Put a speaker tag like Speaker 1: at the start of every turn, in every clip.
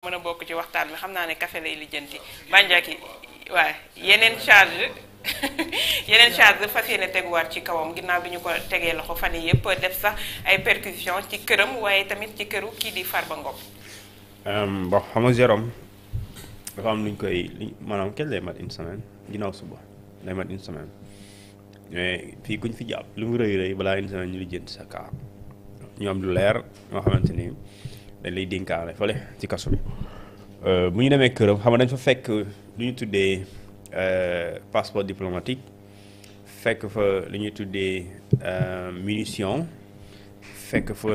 Speaker 1: mën a bokk ci waxtaan bi xam naa ne café lay lijjanti bànjaaki waaw yeneen charge yeneen charge teguwaat ci kawam ginnaaw bi ñu ko tegee loxo fan yi yëpp def sax ay percussion ci këram waaye tamit ci këru kii di Farba Ngom.
Speaker 2: bon xam nga Jérôme dafa am luñ koy maanaam kenn lay mat une semaine ginnaaw suba lay mat une semaine mais fii kuñ fi jàpp lu mu rëy balaa une ñu lijjanti sa kaa ñu am lu leer ñoo xamante ni. dañ lay dénkaane fële ci kaso bi euh, bu ñu demee këram xam na dañ fa fekk euh, lu ñu tuddee euh, passeport diplomatique fekk fa lu ñuy tuddee munition fekk fa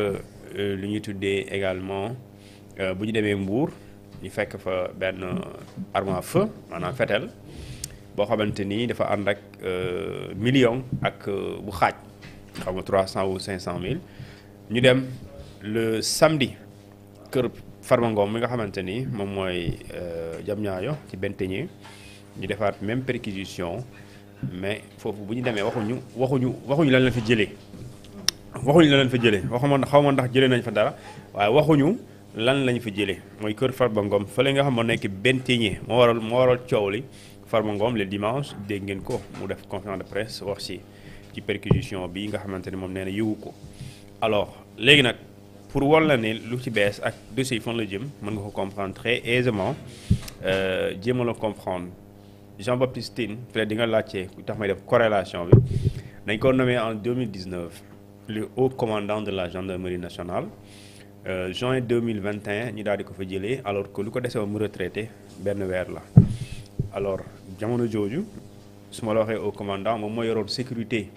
Speaker 2: lu ñuy tuddee également bu ñu demee Mbour ñu fekk fa benn arme à feu maanaam fetel boo xamante ni dafa ànd ak million ak bu xaaj xam nga 300 ou cent mille ñu dem le samedi. kër Farba Ngom mi nga xamante ni moom mooy euh, jam ñaayo ci Benteñe ñu defaat même perquisition mais foofu bu ñu demee waxuñu waxuñu waxuñu lan lañ fa jëlee waxuñu lan lañ fa jëlee waxuma xaw ma ndax jëlee nañ fa dara waaye waxuñu lan lañ fa jëlee mooy kër Farba Ngom fële nga xam moo nekk Benteñe moo waral moo waral coow li Farba Ngom le dimanche dégg ngeen ko mu def conférence de presse wax si ci perquisition bi nga xamante ni moom nee na yëgu ko alors léegi nag. pour wol la ne lu ci bees ak dossier yi fan la jëm mën nga ko comprendre très aisément euh, jéem a la comprendre Jean Baptiste Tine di nga laajte ku tax may def corrélation bi dañ ko nommé en 2019 le haut commandant de la gendarmerie nationale euh, juin 2021 ñu daal di ko fa jëlee alors que lu ko dese woon mu retraité benn weer la alors jamono jooju su ma la waxee haut commandant moom moo yoroon sécurité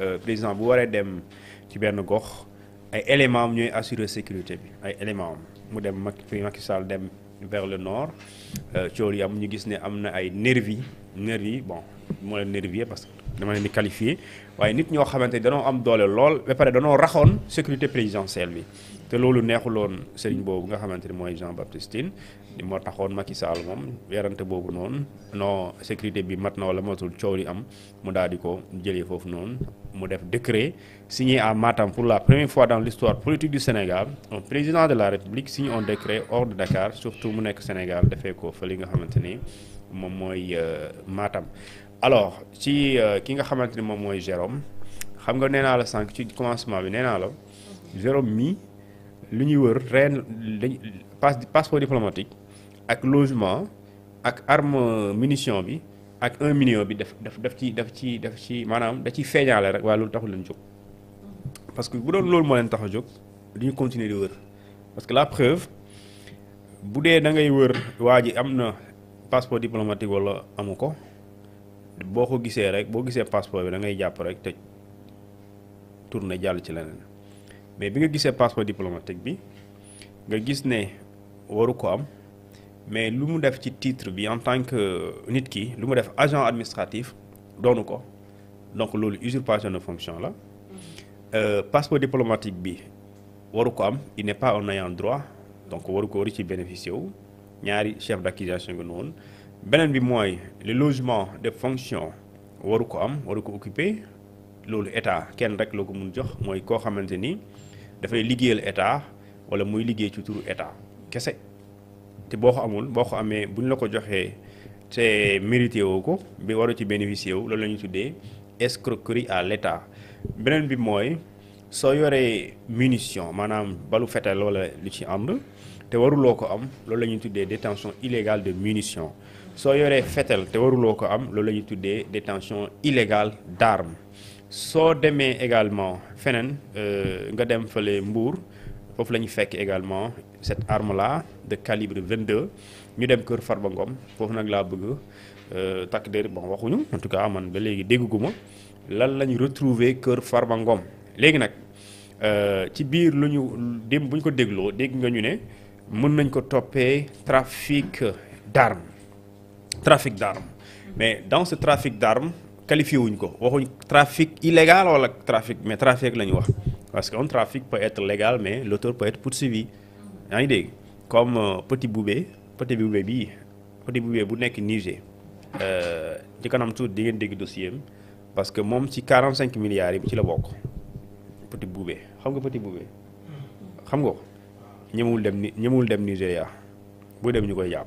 Speaker 2: euh, président bu waree dem ci benn gox ay éléments am ñooy assurer sécurité bi ay éléments am mu dem Macky Macky Sall dem vers le nord euh, cool yi am ñu gis ne am na ay nervi nervi bon moo leen nervier parce que dama leen di qualifier waaye nit ñoo xamante ni danoo am doole lool ba pare danoo raxoon sécurité présidentielle bi te loolu neexuloon sëriñ boobu nga xamante ni mooy Jean Baptiste moo taxoon Macky Sall moom werante boobu noonu non sécurité bi mat na wala matul coow li am mu daal di ko jëlee foofu noonu mu def décret signé à Matam pour la première fois dans l'histoire politique du Sénégal un président de la République signe on décret hors de Dakar surtout mu nekk Sénégal defee ko fa li nga xamante ni moom mooy euh, maatam alors ci euh, ki nga xamante ni moom mooy Jérôme xam nga nee naa la sànq ci commencement bi nee naa la Jérôme mi li ñuy wër ren dañ passeport diplomatique ak logement ak arme munition bi ak un million bi daf daf daf ci daf ci daf ci maanaam da ciy feeñaale rek waaye loolu taxul leen jóg parce que bu doon loolu moo leen tax a jóg li ñu continuer di wër parce que la preuve bu dee da ngay wër waa ji am na passeport diplomatique walla amu ko boo ko gisee rek boo gisee passeport bi da ngay jàpp rek te tourner jàll ci leneen. mais bi nga gisee passeport diplomatique bi nga gis ne waru ko am mais lu mu def ci titre bi en tant que nit ki lu mu def agent administratif doonu ko donc loolu usurpation de fonction la mm-hmm. euh, passeport diplomatique bi waru ko am il n'est pas un ayant droit donc waru ko waru ci bénéficier wu ñaari chef d'accusation nga noonu beneen bi mooy le logement de fonction waru ko am waru ko occuper loolu état kenn rek la ko mun jox mooy koo xamante ni dafay liggéeyal état wala muy liggéey ci turu état kese te boo ko amul boo ko amee bu ñu la ko joxee te mérité woo ko bi waru ci bénéficier wu loolu la ñu tuddee escroquerie à l'état beneen bi mooy soo yoree munition maanaam balu fetal wala lu ci ànd te waruloo ko am loolu la ñuy tuddee détention illégale de munition soo yoree fetal te waruloo ko am loolu la ñuy tuddee détention illégale d'arme soo demee également feneen euh, nga dem fële Mbour foofu la ñu fekk également cette arme là de calibre 22 ñu dem Kër Farba Ngom foofu nag laa bëgg euh, takk der bon waxuñu en tout cas man ba léegi dégguma lan la ñu retrouver Kër Farba Ngom léegi nag euh, ci biir lu ñu dém bu ñu ko dégloo dégg nga ñu ne mën nañ ko toppee trafic d'armes trafic d'armes mais dans ce trafic d'armes qualifié wuñ ko waxuñ trafic illégal wala trafic mais trafic la ñu wax parce que un trafic peut être légal mais l'auteur peut être poursuivi yaa ngi dégg comme euh, Petit Boubé Petit Boubé bii Petit Boubé bu nekk Niger euh, ci kanam tour di ngeen dégg dossier am parce que moom ci 45 milliards yi ci la bokk Petit Boubé xam nga Petit Boubé xam nga ko ñemewul dem ni dem Nigéria buy dem ñu koy jàpp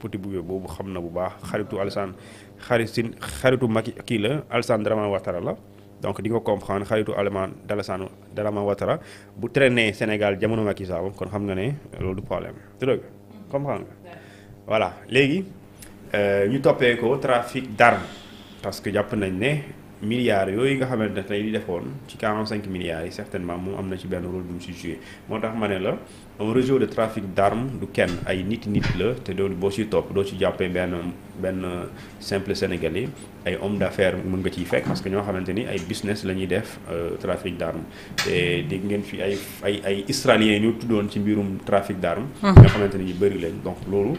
Speaker 2: Petit Boubé boobu xam na bu baax xaritu Alassane xaritin xaritu Macky kii la Alassane Dramane Ouattara la donc di nga comprendre xaritu Alassane Alassane Dramane Ouattara bu traîner Sénégal jamono Macky Sall kon xam nga ne loolu du problème tu dëgg comprendre nga voilà léegi euh, ñu toppee ko trafic d'armes parce que jàpp nañ ne milliards yooyu nga xamante ne tey di defoon ci 45 milliards yi certainement moom am na ci benn rôle bu mu si joué moo tax ma ne la un réseau de trafic d'armes du kenn ay nit nit la te doo boo ci topp doo ci jàppee benn benn simple yi ay homme d'affaires mën nga ciy fekk parce que ñoo xamante ni ay business la ñuy def euh, trafic d'armes te dégg ngeen fi ay ay ay israéliens ñu tuddoon ci mbirum trafic d'armes hmm. ñoo xamante ni ñu bëri lañ donc loolu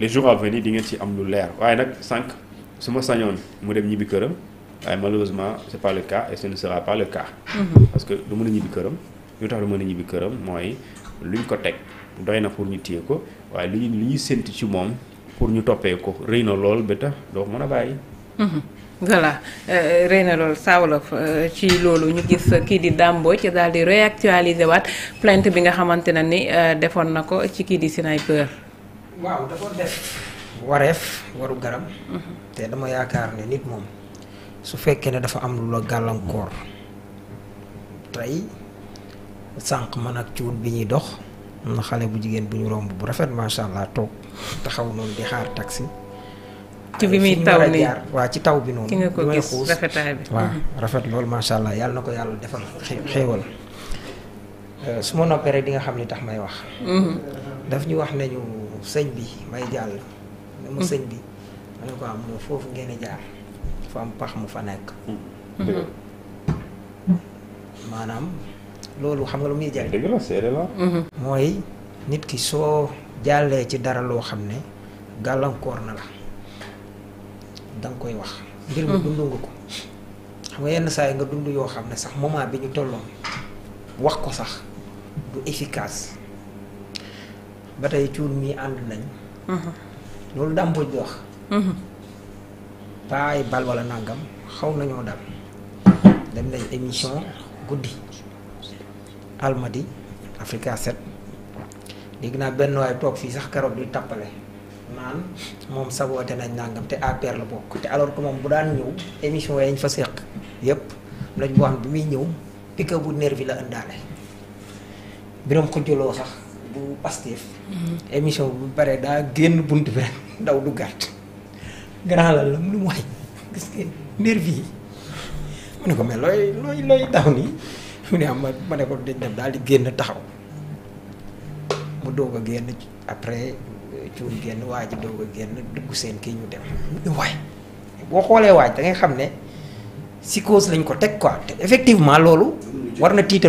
Speaker 2: les jours à di ngeen ci am lu leer waaye nag sànq su ma sañoon mu dem ñibbi këram waaye malheureusement c'est pas le cas et ce sera pas le cas. Mhm. parce que du mën a ñibbi këram lu tax du mën a ñibbi këram mooy luñ ko teg doy na pour ñu tiye ko waaye li ñu li ñuy séntu ci moom pour ñu toppee ko rëy na lool ba tax doo mën a bàyyi.
Speaker 1: Mhm. voilà euh, euh, rëy na lool saawolof euh, ci loolu ñu gis kii di Dambo ci daal di réactualiser waat plainte bi nga xamante ne ni defoon na ko ci kii di Sniper. waaw da ko def wareef waru garam. Mhm. te dama yaakaar ne nit moom. su fekkee ne dafa am lu la gàllankoor tey sànq man ak cuun bi ñuy dox am na xale bu jigéen bu ñu romb bu rafet macha allah toog taxaw noonu di xaar taxi. ci bi muy taw waa ci taw bi noonu. ki may ko gis rafetaay bi waaw mm-hmm. rafet loolu macha allah yàlla na ko yàlla defal xéewal euh, su ma noppee rek di nga xam ne tax may wax. Mm-hmm. daf ñu wax nañu sëñ bi may jàll. ne ma mm-hmm. sëñ bi ma ne ko am foofu ngeen jaar. dafa am pax mu fa nekk. Mm-hmm. maanaam loolu xam nga lu muy jariñ. dëgg mm-hmm. mooy nit ki soo jàllee ci dara loo xam ne gàllankoor na la da koy wax. mbir mi mm-hmm. dund nga ko. xam nga yenn saa yi nga dund yoo xam ne sax moment bi ñu tolloon wax ko sax du efficace ba tey cuur mii ànd nañ. loolu dàmboj di wax. pas ay bal nàngam xaw nañoo dal dem nañ émission guddi almadi Africa 7 dégg naa benn waay toog fii sax karoot di tappale naan moom saboote nañ nàngam te APR la bokk te alors que moom bu daan ñëw émission yañ fa seq yépp lañ boo xam bi muy ñëw pika bu nervi la ëndaale biram xujjuloo sax bu Pastef mm-hmm. émission bu bare daa génn bunt bi rek ndaw du grand la la mu ne waay gis ngeen nervi yi mu ne ko mais looy looy looy daw nii mu ne am ma ne ko dañ dem daal di génn taxaw mu doog a génn après cuun génn waa ji doog a génn dugg seen kii ñu dem mu ne waay boo xoolee
Speaker 2: waaj da ngay xam ne psychose lañ ko teg quoi te effectivement loolu war na tiital